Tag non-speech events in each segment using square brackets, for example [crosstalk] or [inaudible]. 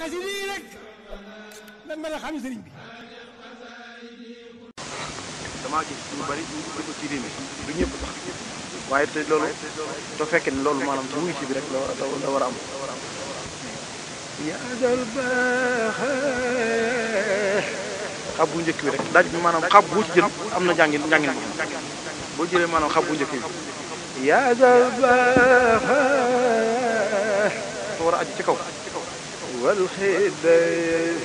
xasida yi rek lan mën a xam bi. damaa ñëpp sax waaye te loolu te fekk ne loolu maanam ci wuyu si bi rek la war a am. xab bu njëkk bi rek daj bi maanaam xab boo jël am na njàngin njàngin boo jëlee maanaam xab bu njëkk bi yaadal baax war a aju ci kaw. walxidday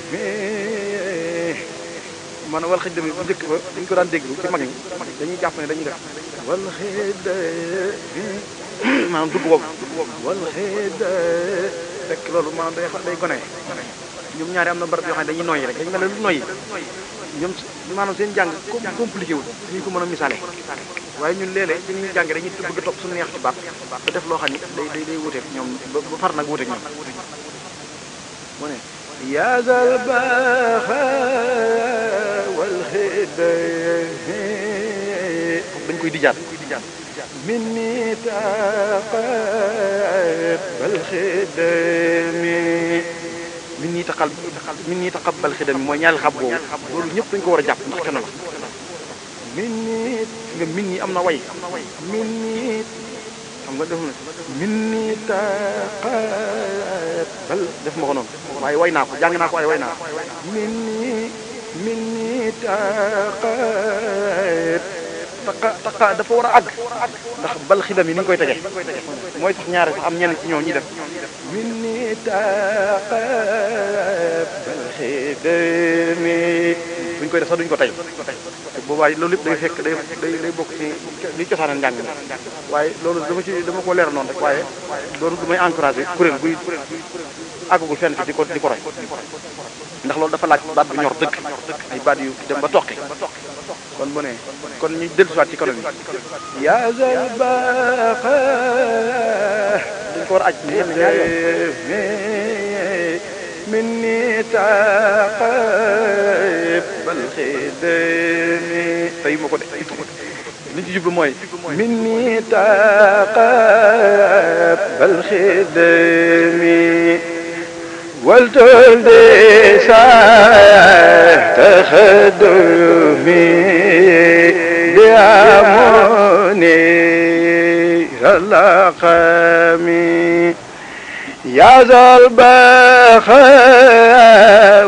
maanaam wal xidda mi bu njëkk ba dañ ko daan déglu ci mag ñi dañuy jàpp ne dañuy def wal xidda maanaam dugg boobu wal xidda fekk loolu maanaam day day gone ñoom ñaari am na barab yoo xam ne dañuy noyyi rek dañu mel ne lu noyyi ñoom maanaam seen jàng compliqué wul dañu ko mën a misaale ñun léeg ci ñuy jàng dañuy bëgg a topp neex ci baat te def loo xam day day day wuteeg ba far nag wuteeg ñoom يا ذرب والخدي مني تقبل خدم مني تقبل مني تقبل خدم مو نيال خبو لول نيب دنجو ورا جاب نخ كنلا مني مني امنا واي مني xam nga def na min ni taqaat bal def ma ko noonu waaye way naa ko jàng naa ko waaye way naa ko min ni min ni taqaat taqa taqa dafa war a àgg ndax bal xidam yi ni ñu koy tege mooy sax ñaare sax am ñenn ci ñoo ñi def min ni taqaat bal xidam buñ koy def sax duñ ko tey te boobaa loolu yëpp day fekk day day bokk ci li cosaanal njàng mi waaye loolu dama ci dama ko leer noonu rek waaye loolu du may encouragé kuréel guy àggagul fenn di ko di ko roy ndax loolu dafa laaj baat bu ñor dëgg ay baat yu dem ba toqi kon bu kon ñu dellusiwaat ci kanam yi yaa zal baqa duñ ko war a aj مني تعقب بالخدمي طيب مقول طيب، نجي جيب الماي مني تعقب بالخدمي ولد ساي تخدمي بعموني قامي يا ذا البخاء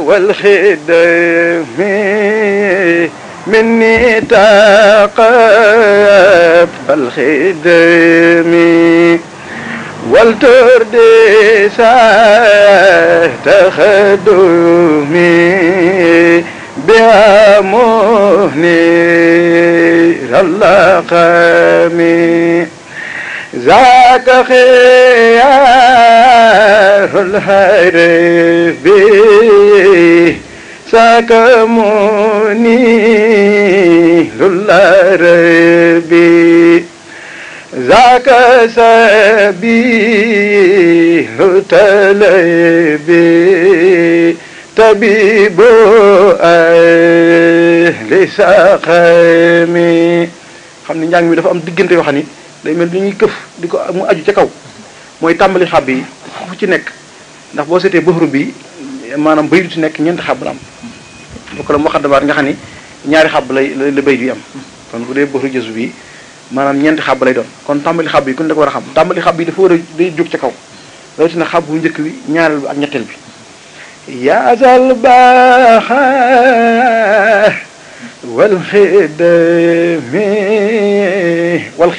والخدم مني تقبل الخدم والتردي تخدمي بها مهني قامي ذاك خيار الحربي ساكموني للربي ذاك سبيه تلبي طبيب أهل سقمي xam ni njàng mi dafa am diggante yoo xam ni day mel ni ñuy këf di ko mu aju ca kaw mooy tàmbali xab yi fu ci nekk ndax boo seetee bëxru bi maanaam bay du ci nekk ñeenti xab la am bokk la mu xaddamaat nga xam ni ñaari xab lay la bay du am kon bu dee bëxru jësu bi maanaam ñeenti xab lay doon kon tàmbali xab yi ku ne war a xam tàmbali xab yi dafa war a day jóg ca kaw rawatina xab bu njëkk bi ak ñetteel bi yaasal baaxa wal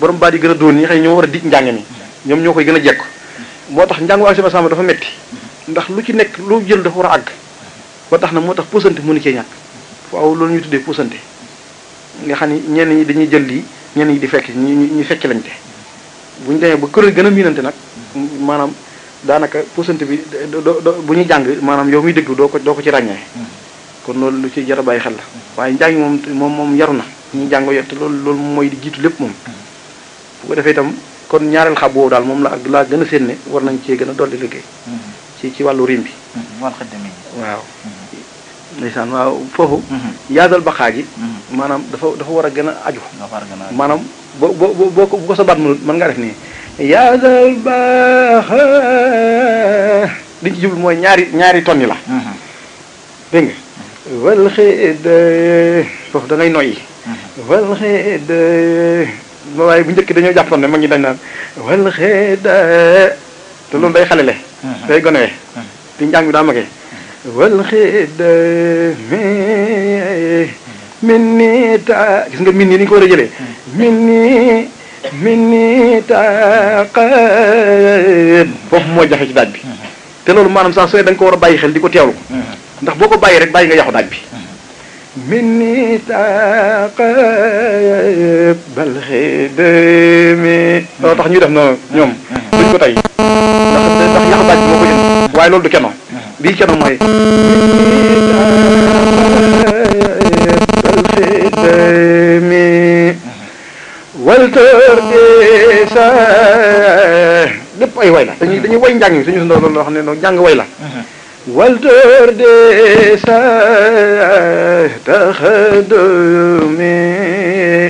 borom baat yi gën a dóor ñi xëy ñoo war a di njàng mi ñoom ñoo koy gën a jekk moo tax njàngu a sàmm dafa metti ndax lu ci nekk lu jël dafa war a àgg ba tax na moo tax puusante mënu cee ñàkk waaw loolu ñuy tuddee puusante nga xam ni ñenn ñi dañuy jël lii ñenn ñi di fekk ñu fekk lañ te bu ñu demee ba kuréel gën a miinante nag maanaam daanaka puusante bi bu ñuy jàng maanaam yow muy déglu doo ko doo ko ci ràññee kon loolu lu ci jar bàyyi xel la waaye njàng moom moom moom yaru na ñu jàngo yor te loolu loolu mooy di jiitu lépp moom bu ko defee itam kon ñaareel xab woowu daal moom la ak laa gën a séen ne war nañ cee gën a dolli liggéey mm-hmm. ci ci wàllu rim bi mm-hmm. waaw mm-hmm. ndeysaan waaw foofu yaasal baqaa gi maanaam dafa dafa war a gën a aju maanaam boo boo boo ko bu ko sa baat mënut mën ngaa def nii yaasal baqa liñ ci jublu mooy ñaari ñaari tonni la dégg nga wal xëy foofu da ngay noyyi wal waaye bu njëkk dañoo jàppoon ne mag ñi dañ naan wal xeeda te loolu day xalele mm-hmm. day gonewee mm-hmm. di njàng bi daa magee wal xeeda mi min ni ta gis nga min nii ni ñu ko war a jëlee mm-hmm. min ni min ni taqaat foofu moo jafe ci daaj bi te loolu maanaam saa sooy da nga ko war a bàyyi xel di ko teewlu ndax boo ko bàyyi rek bàyyi nga yàqu daaj bi مني تاقيب بل خدمي tax ñuy def noonu ñoom duñ ko tey ndax ndax baaj waaye loolu du keno bii keno mooy bal xidmi waltër sa lépp ay way la dañuy dañuy way njàng mi suñu loolu loo xam ne noonu njàng way la والدرد ساح تخدمي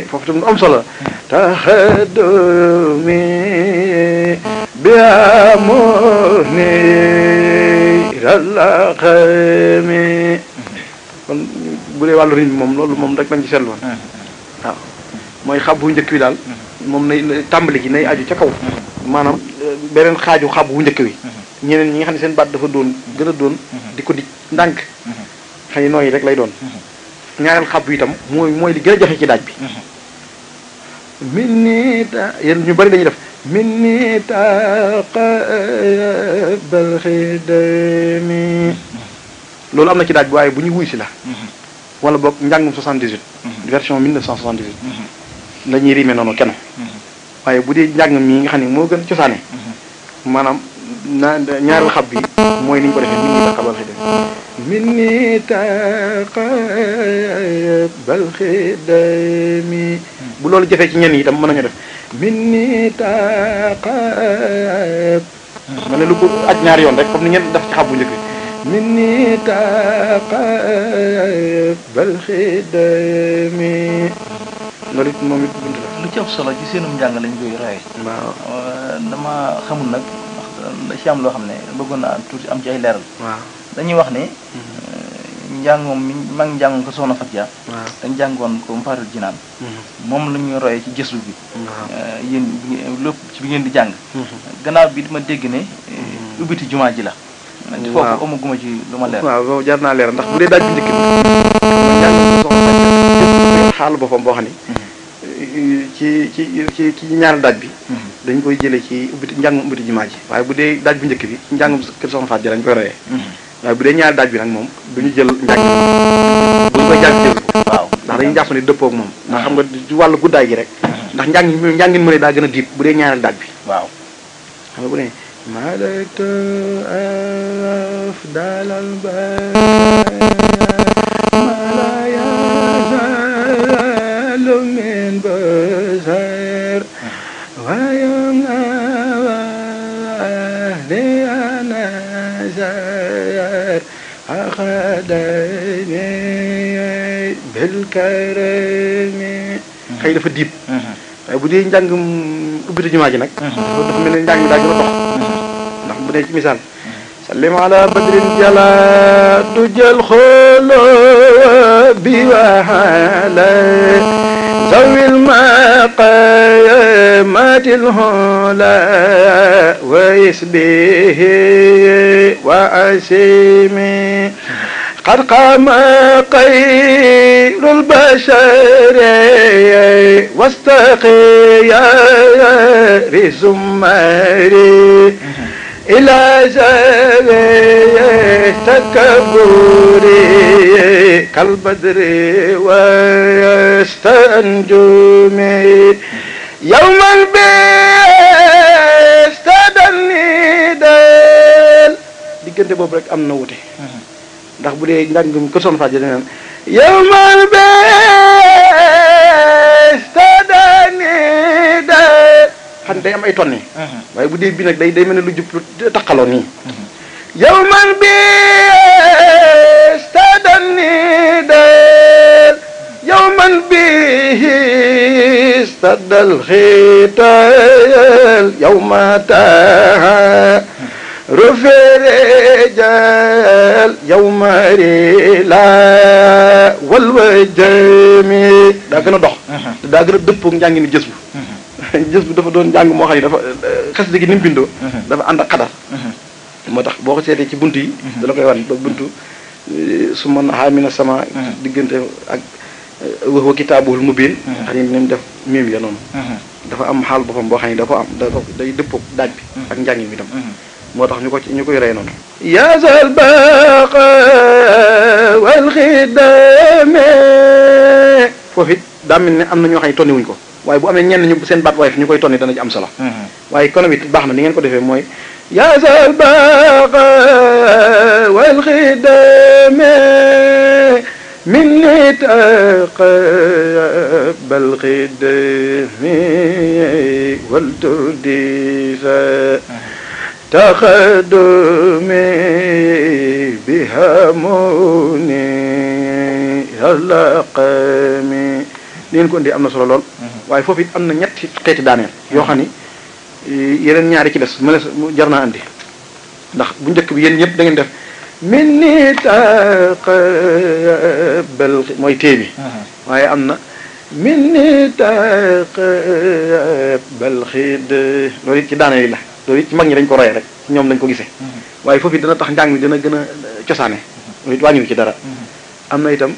فوفت من أمصلة تخدمي بأمهني إلى الأقامي kon bu dee wàllu rythme moom loolu moom rek lañ ci seetlu woon waaw mooy xab bu njëkk wi daal moom nay tàmbali gi nay aju ca kaw maanaam beneen xaaju xab bu njëkk wi ñeneen ñi nga xam ne seen baat dafa doon gën a doon mhm. di ko di ndànk mhm. xëy nooy rek lay doon mhm. ñaareel xàbbu itam mooy mooy li gën a jafe ci daaj bi ñu bari dañuy def min ni taqbalxidami loolu am na ci daaj bi waaye bu ñu wuy si la wala boog njàngum 78 version 1978 la ñuy rime noonu kenn waaye bu dee njàng mi nga xam ne moo gën cosaane maanaam ñaar ñaareel xab bi mooy ni ñu ko defee min nii taqabal xidam min nii taqabal bu loolu jafee ci ñenn yi itam mën nañu def min nii taqab ma ne lu ko aj ñaari yoon rek comme ni ngeen def ci xab bu njëkk bi min nii taqabal xidami loolu it moom it bunt la lu ci am solo ci seenum njàng lañ koy raay waaw dama xamul nag da ci am loo xam ne bëggoon naa tuuti am ci ay leeral. dañuy wax ne. Mhm. Euh, njàngoom mi mag njàngoon ko soxna Fatia. waaw te njàngoon ko Mfaarul Jinaan. Mhm. moom la ñu royee ci gëstu bi. waaw euh, yéen lépp ci bi ngeen di jàng. Mhm. gannaaw bi dama dégg ne. Euh, ubbiti jumaa ji la. waaw te foofu ci lu ma leer. waaw loolu jar naa leer ndax bu dee daaj bu njëkk bi. ma boppam boo xam ni. ci ci ci ci ñaari daaj bi mhm. dañ koy jëlee ci ubbiti njàngum ubbiti jumaa ji waaye bu dee daaj bi njëkk bi ci njàngum kër soxna Faat ji lañ koy royee mhm. waaye bu dee ñaari daaj bi nag moom du ñu jël njàng duñu koy jàng jël waaw ndax dañuy jàpp ne dëppoo moom ndax mhm. xam nga ci wàll guddaay gi rek ndax njàng njàngin mu ne daa gën a diib bu dee ñaari daaj bi waaw xam nga bu ne malaktu afdalal ba xadame bil karame xëy dafa diib waaye bu dee njàng ubbite jumaa ji nag mhm. dafa mel ne njàng mi daa gën a dox mhm. ndax bu dee ci misaal sallim ala badrin jala du jël xoolo bi waxala zawil مقامات الهلا ويسبه وأسيمي قد قام قيل البشر واستقيار زمري إلى زاوية تكبري كالبدر واستنجمي يوما بيستدني ديل ديجنت بوب رك امنا ndax bu dee njàngum kër soxna Fatou Diagne yow mal bees te daani de xam ne day am ay uh-huh. bu bi nag day day mel ne lu uh-huh. yow mal bees te daani de yow mal bees te dal xiital رفرجال يوم ريلا والوجمي daa gën a dox uh-huh. daa gën a dëppoog njàngi ni jës bu uh-huh. [laughs] jës bu dafa doon njàng moo xam dafa euh, xasida gi ni bindoo uh-huh. dafa ànd ak xadar moo tax boo ko seetee ci bunt yi dala koy wan ba buntu su man sama diggante ak wax euh, wa kitaabul mubin xam ne ni mu def miim ya noonu dafa am xaal boppam boo xam ne da am da day dëppoog daaj bi ak njàngi mi tam موتاخ نيكو نيكو يري نون يا زلباق والخدام فوفي دام امنا ньо خاي توني وونكو واي بو امي نين نيو سين بات وايف نيكو توني دا نجي ام صلاه واي كونومي باخنا نين كو ديفي موي يا زلباق والخدام من لي تقبل خدمي والترديفه تقدمي بهموني هلقمي leen ko indi am na solo lool waaye foofu it am na ñetti xeeti daaneel yoo xam ni yeneen ñaari ci des ma jar naa andi ndax bu njëkk bi yéen ñëpp da ngeen def min ni taqabal mooy tée bi waaye am na min ni taqabal xid loolu it ci daaneel la loolu it ci mag ñi dañ ko royee rek ci ñoom lañ ko gisee mhm. waaye foofu it dana tax njàng mi dana gën a euh, cosaane mhm. loolu it wàññiwu ci dara mhm. am na itam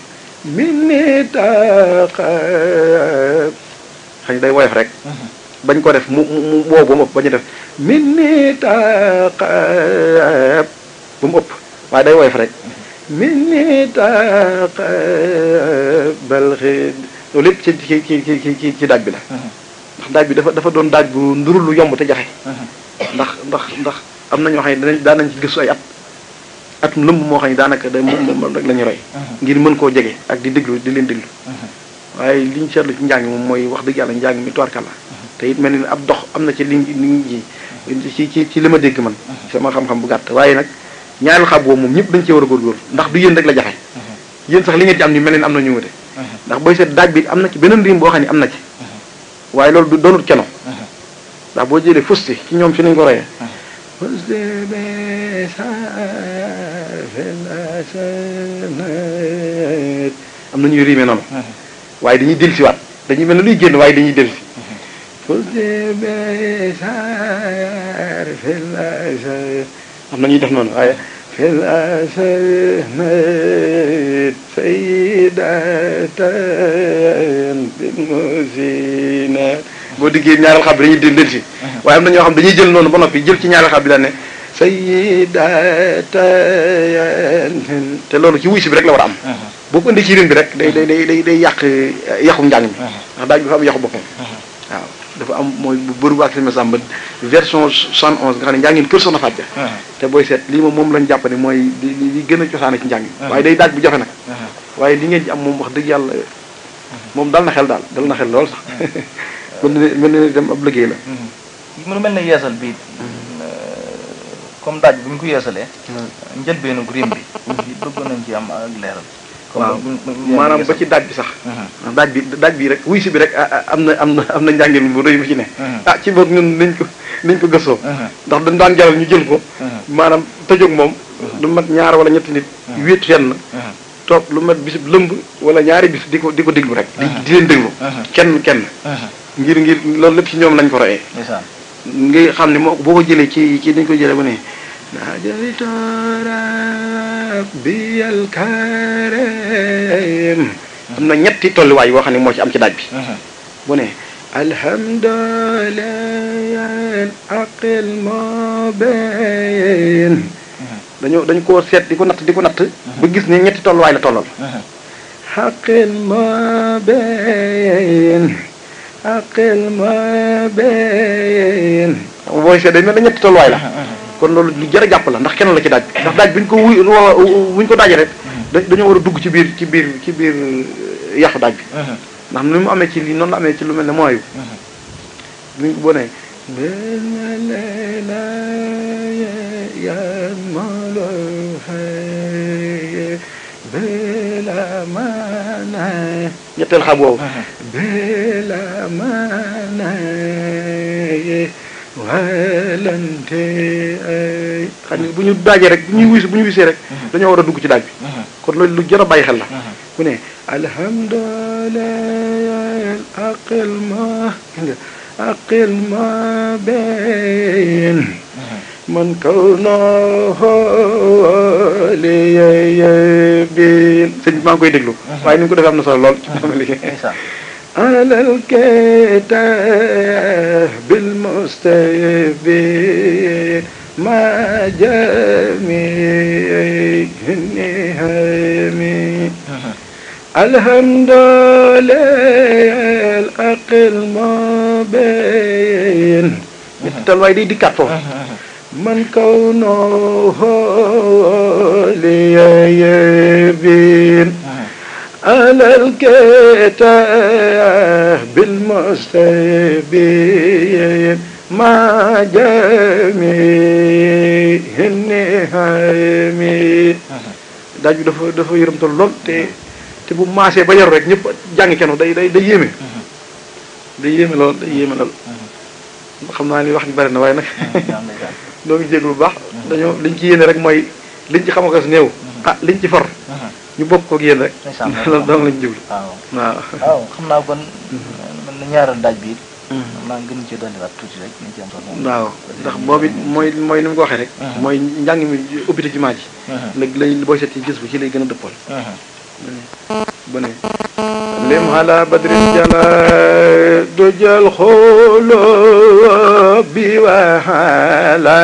min ni taxa xëy day woyof rek bañ ko def mu mu woow ba mu ëpp bañu def min ni taxa ba mu ëpp waaye day woyof rek min ni taxa bal xi loolu lépp ci ci ci ci ci daaj bi la ndax daaj bi dafa dafa doon daaj bu nduru lu yomb te jafe ndax ndax ndax am na ñoo xam ne danañ daan nañ ci gëstu ay at at lëmb moo xam ne daanaka day moom rek la ñu roy uh-huh. ngir mën koo jege ak di déglu di leen déglu uh-huh. waaye li ñu seetlu ci njàng moom mooy wax dëgg yàlla njàng mi tubarkàlla uh-huh. te it mel ni ab dox am na ci li li ci ci ci li ma dégg man sama xam-xam bu gàtt waaye nag ñaari xab boobu moom ñëpp dañ cee war a góorgóorlu ndax du yéen rek la jafe yéen sax li ngeen ci am ni mel ni am na ñu wute ndax booy seet daaj bi am na ci beneen rim boo xam ne am na ci waaye loolu du doonul ceno ndax boo jëlee fusti ci ñoom fi nañ ko royee ah. am na ñuy riime noonu ah. waaye dañuy del si waat dañuy mel ne luy génn waaye dañuy del si ah. am na ñuy def noonu waaye fil asad saydatan bil musinat boo diggee ñaareel xab bi dañuy dén delsi waaye am na ñoo xam dañuy jël noonu ba noppi jël ci ñaareel xab bi daan ne sayida te loolu ci wuy si bi rek la war a am uh-huh. boo ko indi ci rim bi rek day day uh-huh. day day yàq eh, yàqu njàng mi uh-huh. ndax daaj bi dafa am yàqu boppam waaw dafa am mooy bu bëru waak sima sàmba version 111 nga xam ne njàngin kër soxna Fatou te booy seet lii moom moom lañ jàpp ne mooy li gën a cosaane ci njàng waaye day daaj bu jafe nag waaye li ngeen ci am moom wax dëgg yàlla moom dal na xel daal dal na xel lool sax mën na mën na dem ab liggéey la. mu mhm. mel na yeesal bi mhm. comme daaj bi ñu ko yeesalee. Mhm. njëlbeenu rim bi. bëgg ci am leeral. waaw maanaam ba ci daaj bi sax. daaj bi daaj bi rek wuy si bi rek am na am na am na njàngin bu bu ci ne. ah ci boog nañ ko nañ ko gëstoo. ndax dañ daan jaral ñu jël ko. maanaam tëjoog moom. du mat ñaar wala ñetti nit. wéet fenn. toog lu mat bisib lëmb wala ñaari bis di ko di ko déglu rek. di di leen déglu. kenn kenn. ngir ngir loolu lépp ci ñoom lañ ko royee. nga xam ne moo boo ko jëlee ci ci dañ koy jëlee bu ne naajawtu rabbiyal karim am na ñetti tolluwaay yoo xam ne moo ci am ci daaj bi bu ne alhamdulilah aqil mobin dañu dañ koo seet di ko natt di ko natt ba gis ne ñetti tolluwaay la tollal aqil mobin aqil ma been booy seet dañ mel ne ñetti tolluwaay la kon loolu lu jar a jàpp la ndax kenn la ci daaj ndax daaj buñ ko wuy buñ ko daajee rek dañoo war a dugg ci biir ci biir ci biir yàqu daaj bi ndax mu amee ci lii noonu la amee ci lu mel ne mooyu buñ ñetteel xam boobu بلا مناي walante ay xam bu ñu daajee rek bu ñu wisee rek mhm. dañoo war a dugg ci daaj bi mhm. kon loolu lu jar a bàyyi xel la ku mhm. ne alhamdulilah aqil ma aqil ma ben man kaw noo bi sëñ maa koy déglu waaye ni mu ko defee am na solo lool ci sama liggéey على الكتاب المستبين ما جميع النهام الحمد لله العقل ما بين بالتلوي دي دي من كونه يبين على الكتاب المستبين مع جميع النعم daaj bi dafa dafa yërëmtal lool te te bu maasee ba yar rek ñëpp jàng kenn day day day yéeme day yéeme lool day yéeme lool xam naa ni wax ji bari na waaye nag noo [laughs] ngi lu baax dañoo liñ ci yéene rek mooy liñ ci xam akas néew ah liñ ci far ñu bokk koog yéen rek. incha allah [laughs] loolu dong lañ jublu. waaw xam naa ko mm-hmm. man na ñaaral daaj bi it. Mm-hmm. xam naa waaw ndax boobu it mooy mooy ni ko waxee rek. Mm-hmm. mooy njàng mi ubbite jumaa ji. nag lay booy seet ci gis bu ci lay gën a dëppool. ba ne lim ala badrin jala du jël xoolo bi waala.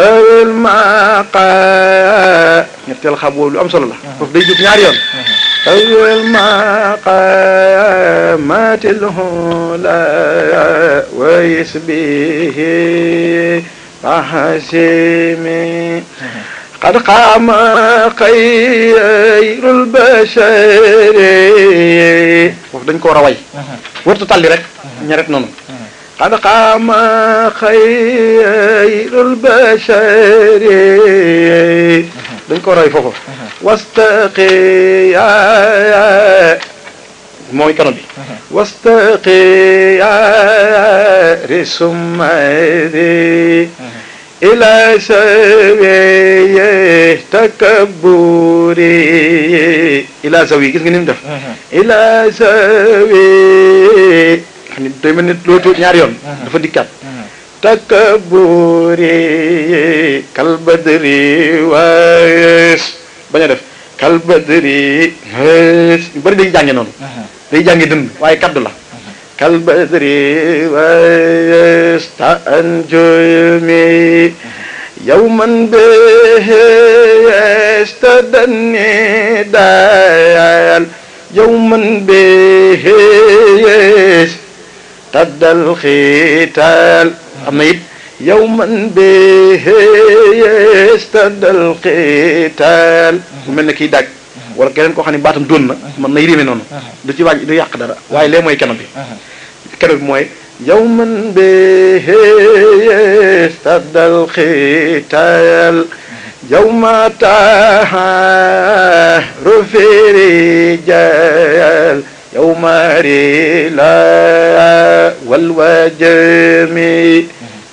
في المقا نتيل خبو ام صلى الله فدي جيت ñaar yon في المقا نعم. ما تله لا ويس به فحسيمي نعم. قد قام خير البشر نعم. وف دنجكو رواي ورتو تالي رك ñaret nonu قد قام خير البشر dañ ko roy foofu wastaqiya mooy kanam bi wastaqiya risumadi ila sawiye takaburi ila sawi gis nga ni mu def ila sawi ni day mel ni loolu tuut dafa dikkaat takaburi kalbadri wees bañ def kalbadri wees yu bëri day jànge noonu day waaye kaddu la kalbadri wees ta anjumi yawman bees ta danni daayal yawman bees ارتد الختال عميد يوما به يستد القتال منك يدك ولكن كو خاني باتم دون من نيري مي نونو دو سي واجي دو ياك دارا واي لي موي كانوبي كانوبي موي يوما به يستد القتال يوم تهرفي رجال يوم ريلا والوجم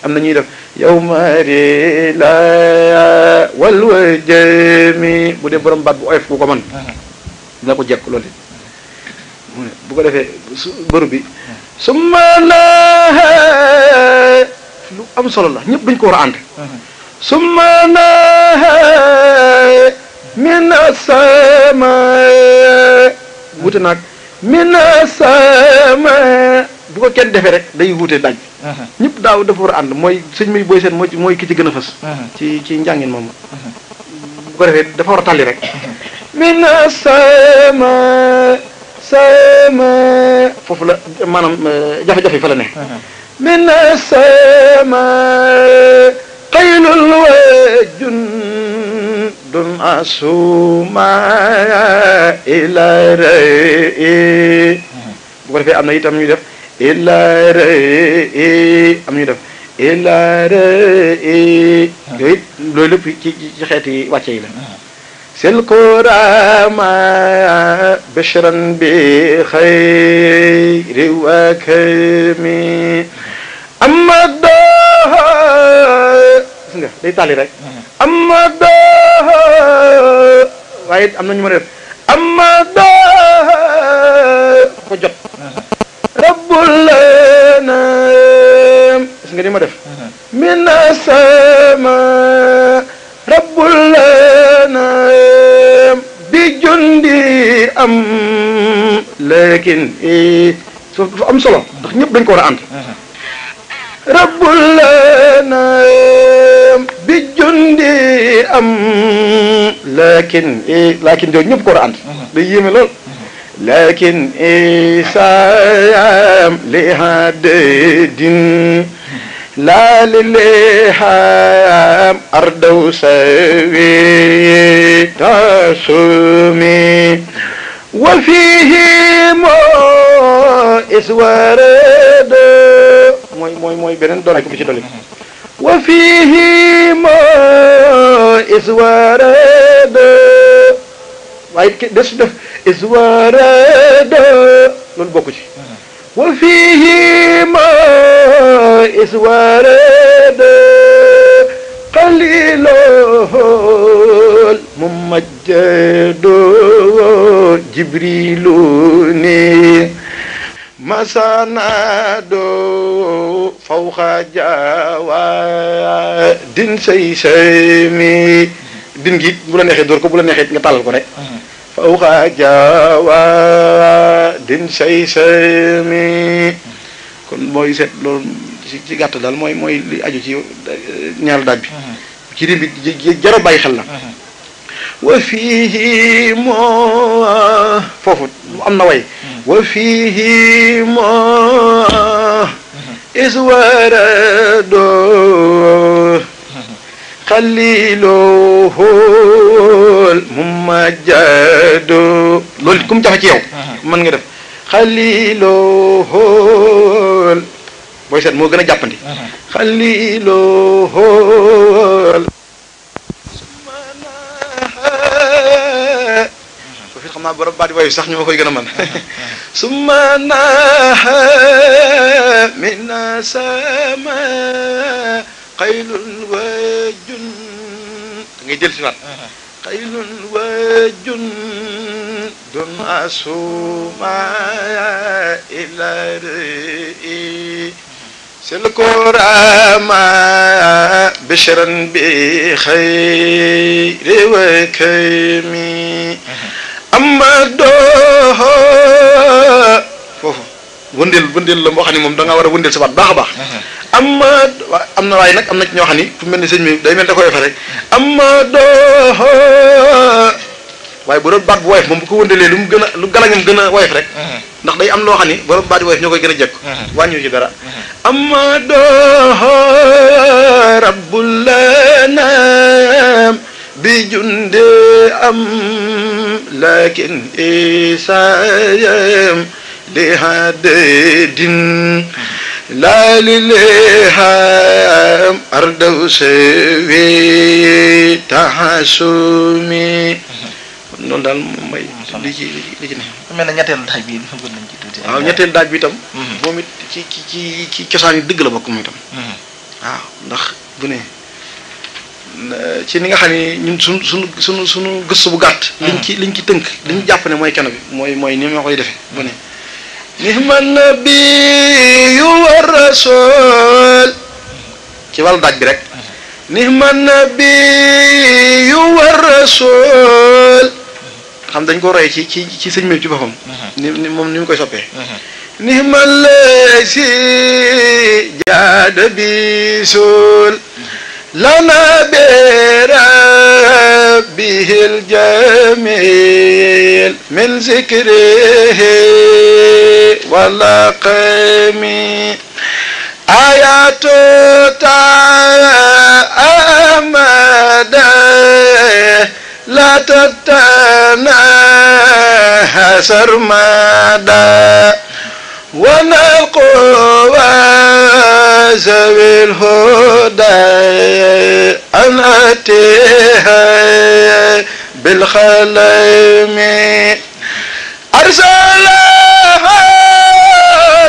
am na ñuy def يوم ريلا والوجم bu dee borom baat bu oyof ku ko mën ko jekk loolu bu ko defee su su ma naa lu solo la ñëpp dañu ko war a ànd su ma naa min mina sama bu ko kenn defee rek day wuute daj ñépp daaw dafa war a ànd mooy sëñ muy booy seen mooy mooy ci gën a fës ci ci njàngin moom bu ko defee dafa war a tàlli rek mina sama sama foofu la maanaam euh, jafe-jafe fa la ne mina sama xaylul wajun masuma ila rëy bu ko defee am na itam ñu def ila rëy am ñu def ila rëy yooyu it loolu lépp ci ci xeeti wàcce yi la sil kurama bishran bi xayri wa kami amma do gis nga day tàlli rek amma do waaye it am na ñu ma def rabbul lanaam gis nga ni ma def min asama rabbul bi jundi am lakin i eh, dafa am solo ndax ñëpp dañ ko war رب لنا نعم. بجندي أم لكن إيه لكن دون نيب قرآن بيجي لول لكن إيسا لها دين لا للهام أردو سوي تسمي وفيه ما إسوارد mooy mooy mooy beneen doole bu ci mm-hmm. wa fiihi ma iswarada waaye des ma iswarada qalilol مسانادو فوق جاوا دين سي سيمي دين جيت بولا نيخي دور كو بولا نيخي nga talal ko rek فوق جاوا دين سي سيمي kon mooy set loolu ci gàtt daal mooy mooy li aju ci eh, ñaal daaj bi mm-hmm. ci rim bi jara bàyyi xel la mm-hmm. wa fii na way wa fiihi moo is waradoo xaliiluhul mumajjadoo loolu ku mu jafe ci yow mën nga def xaliiluhul booy seet moo gën a jàppandi xaliiluhul a [laughs] si waat uh-huh. xaylun wajun dun asuma ila rëy c'est kaymi amado fofu wëndel wëndel la mo xani mom da nga wara wëndel sa bat baxa bax amado amna way nak amna ci ño xani fu melni señ mi day mel da koy fa rek amado waye bu doon baat bu woyof moom bu ko wëndelee lu mu lu galangam gën a rek ndax day am loo xam ni bu doon baat woyof ñoo koy gën a jekk wàññu ci dara amma do rabbul lanam بجندي أم لكن إيسايم لهديد لا للهام أردو سوي تحسومي noonu daal moom mooy li ci li ci ne mel na ñetteelu [laughs] ci tuuti waaw ñetteelu daaj bi itam mm-hmm. moom it ci ci ci cosaan yi dëgg la bokk moom itam mm-hmm. waaw ndax bu ci ni nga xam ne ñun suñ suñu suñu suñu gëstu bu gàtt. Hmm. liñ ci liñ ci tënk liñ jàpp ne mooy keno bi mooy mooy ni ma koy defee bu ne. nihma nabiyu wa wàllu daaj bi rek. nihma hmm. nabiyu wa rasul xam dañ ko roy ci ci ci sëñ mi ci boppam. Hmm. ni ni moom ni mu koy soppee. nihma la si jaada bi suul. لنا بربه الجميل من ذكره ولقمي آيات تعمده لا تتناهى سرمدا وما القوى ذوي الهدى أن أتيها بالخليم أرسلها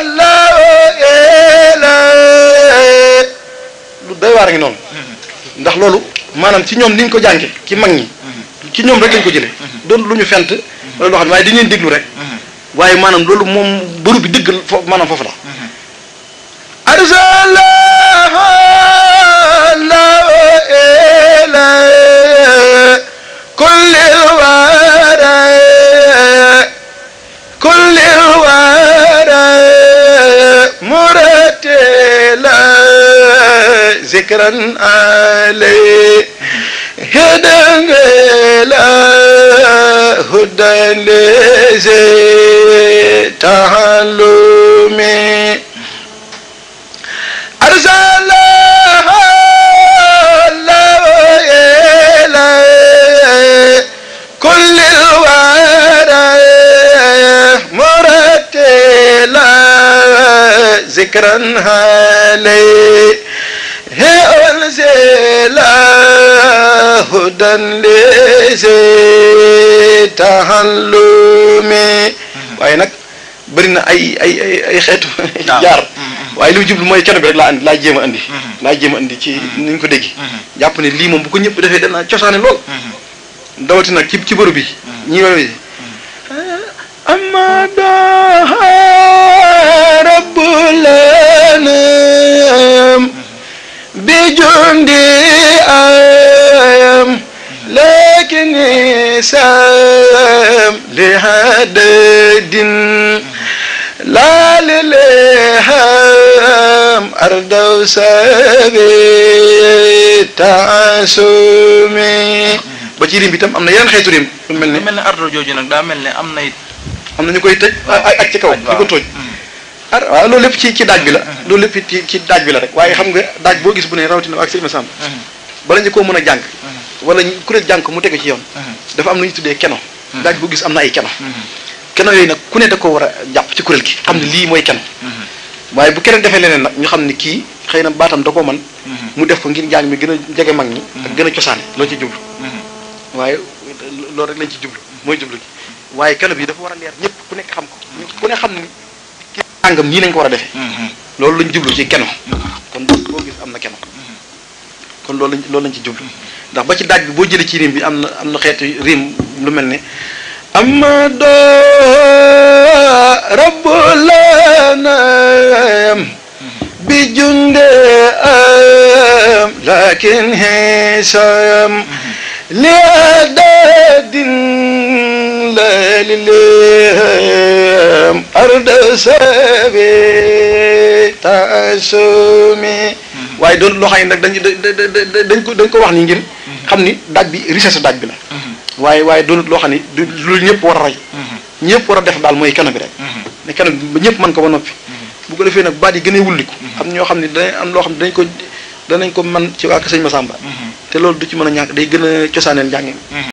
الله إليه lu doy waar ngi noonu ndax loolu maanaam ci ñoom ni ñu ko jànge ki mag ñi ci ñoom rek lañ ko jëlee doon lu ñu fent wala loo xam ne waaye dañuy déglu rek hmm. waaye maanaam loolu moom bëru bi dëgg foofu maanaam foofu la arsala la ila kulli wara kulli wara muratila zikran alay هدى لذي تعلم أرسلها الله إلى كل الورى مرتلا ذكرا عليه إلى هدى لذي تعلم waaye nag bëri na ay ay ay xeetu jaar mm-hmm. waaye li jublu mooy kenn bi rek laa andi laa jéem a andi mm-hmm. laa jéem a andi ci mm-hmm. ni ko dégg jàpp ne lii bu ko ñëpp defee danaa cosaane lool dawati nag ci ci bëru bi daa rabbul anam li أم لكن سام لهدد لا للهام أرض سبي تعسومي ba ci rim tam am na yeneen xeetu rim. mel ni mel ne ardo jooju nag daa mel ne am na it. am na ñu koy tëj. waaw kaw di ar waaw ah, loolu lépp ci ci daaj bi la loolu lépp ci ci daaj bi la rek waaye xam nga daaj boo gis bu ne rawatina waa Sëriñ Massamba bala ñu koo mën a jàng wala kuréel jàng ko mu tegu ci yoon dafa am lu ñu tuddee keno daaj boo gis am na ay keno keno yooyu nag ku ne da ko war a jàpp ci kuréel gi xam ne lii mooy keno waaye bu keneen defee leneen nag ñu xam ne kii xëy na baatam da koo man mu def ko ngir njàng mi gën a jege mag ñi ak gën a cosaan loolu ci jublu waaye loolu rek lañ ci jublu mooy jublu gi waaye keno bi dafa war a leer ñëpp ku nekk xam ko ku ne xam ni sàngam nii lañ ko war a defee. Mm-hmm. loolu lañ jublu ci keno mm-hmm. kon boo gis am na keno mm-hmm. kon loolu lañ ci jublu ndax ba ci daaj bi boo jëlee ci rim bi am na am na xeetu rim lu mel ne amado rabbulanam bi junde am lakin hisam liadadin lalilem ardasabi tasumi waaye doon loo xam ne nag dañ dañ ko dañ ko wax ni ngir xam ni daaj bi richesse daaj bi la waaye waaye doonut loo xam ni du lu ñëpp war a roy ñëpp war a def daal mooy kanam bi rek ne kanam bi ñëpp mën ko ba noppi bu ko defee nag baat yi gën a wulliku am ñoo xam ne danañ am loo xam ne dañ ko danañ ko man ci waa ma Masamba te loolu du ci mën a ñàkk day gën a cosaaneel njàngin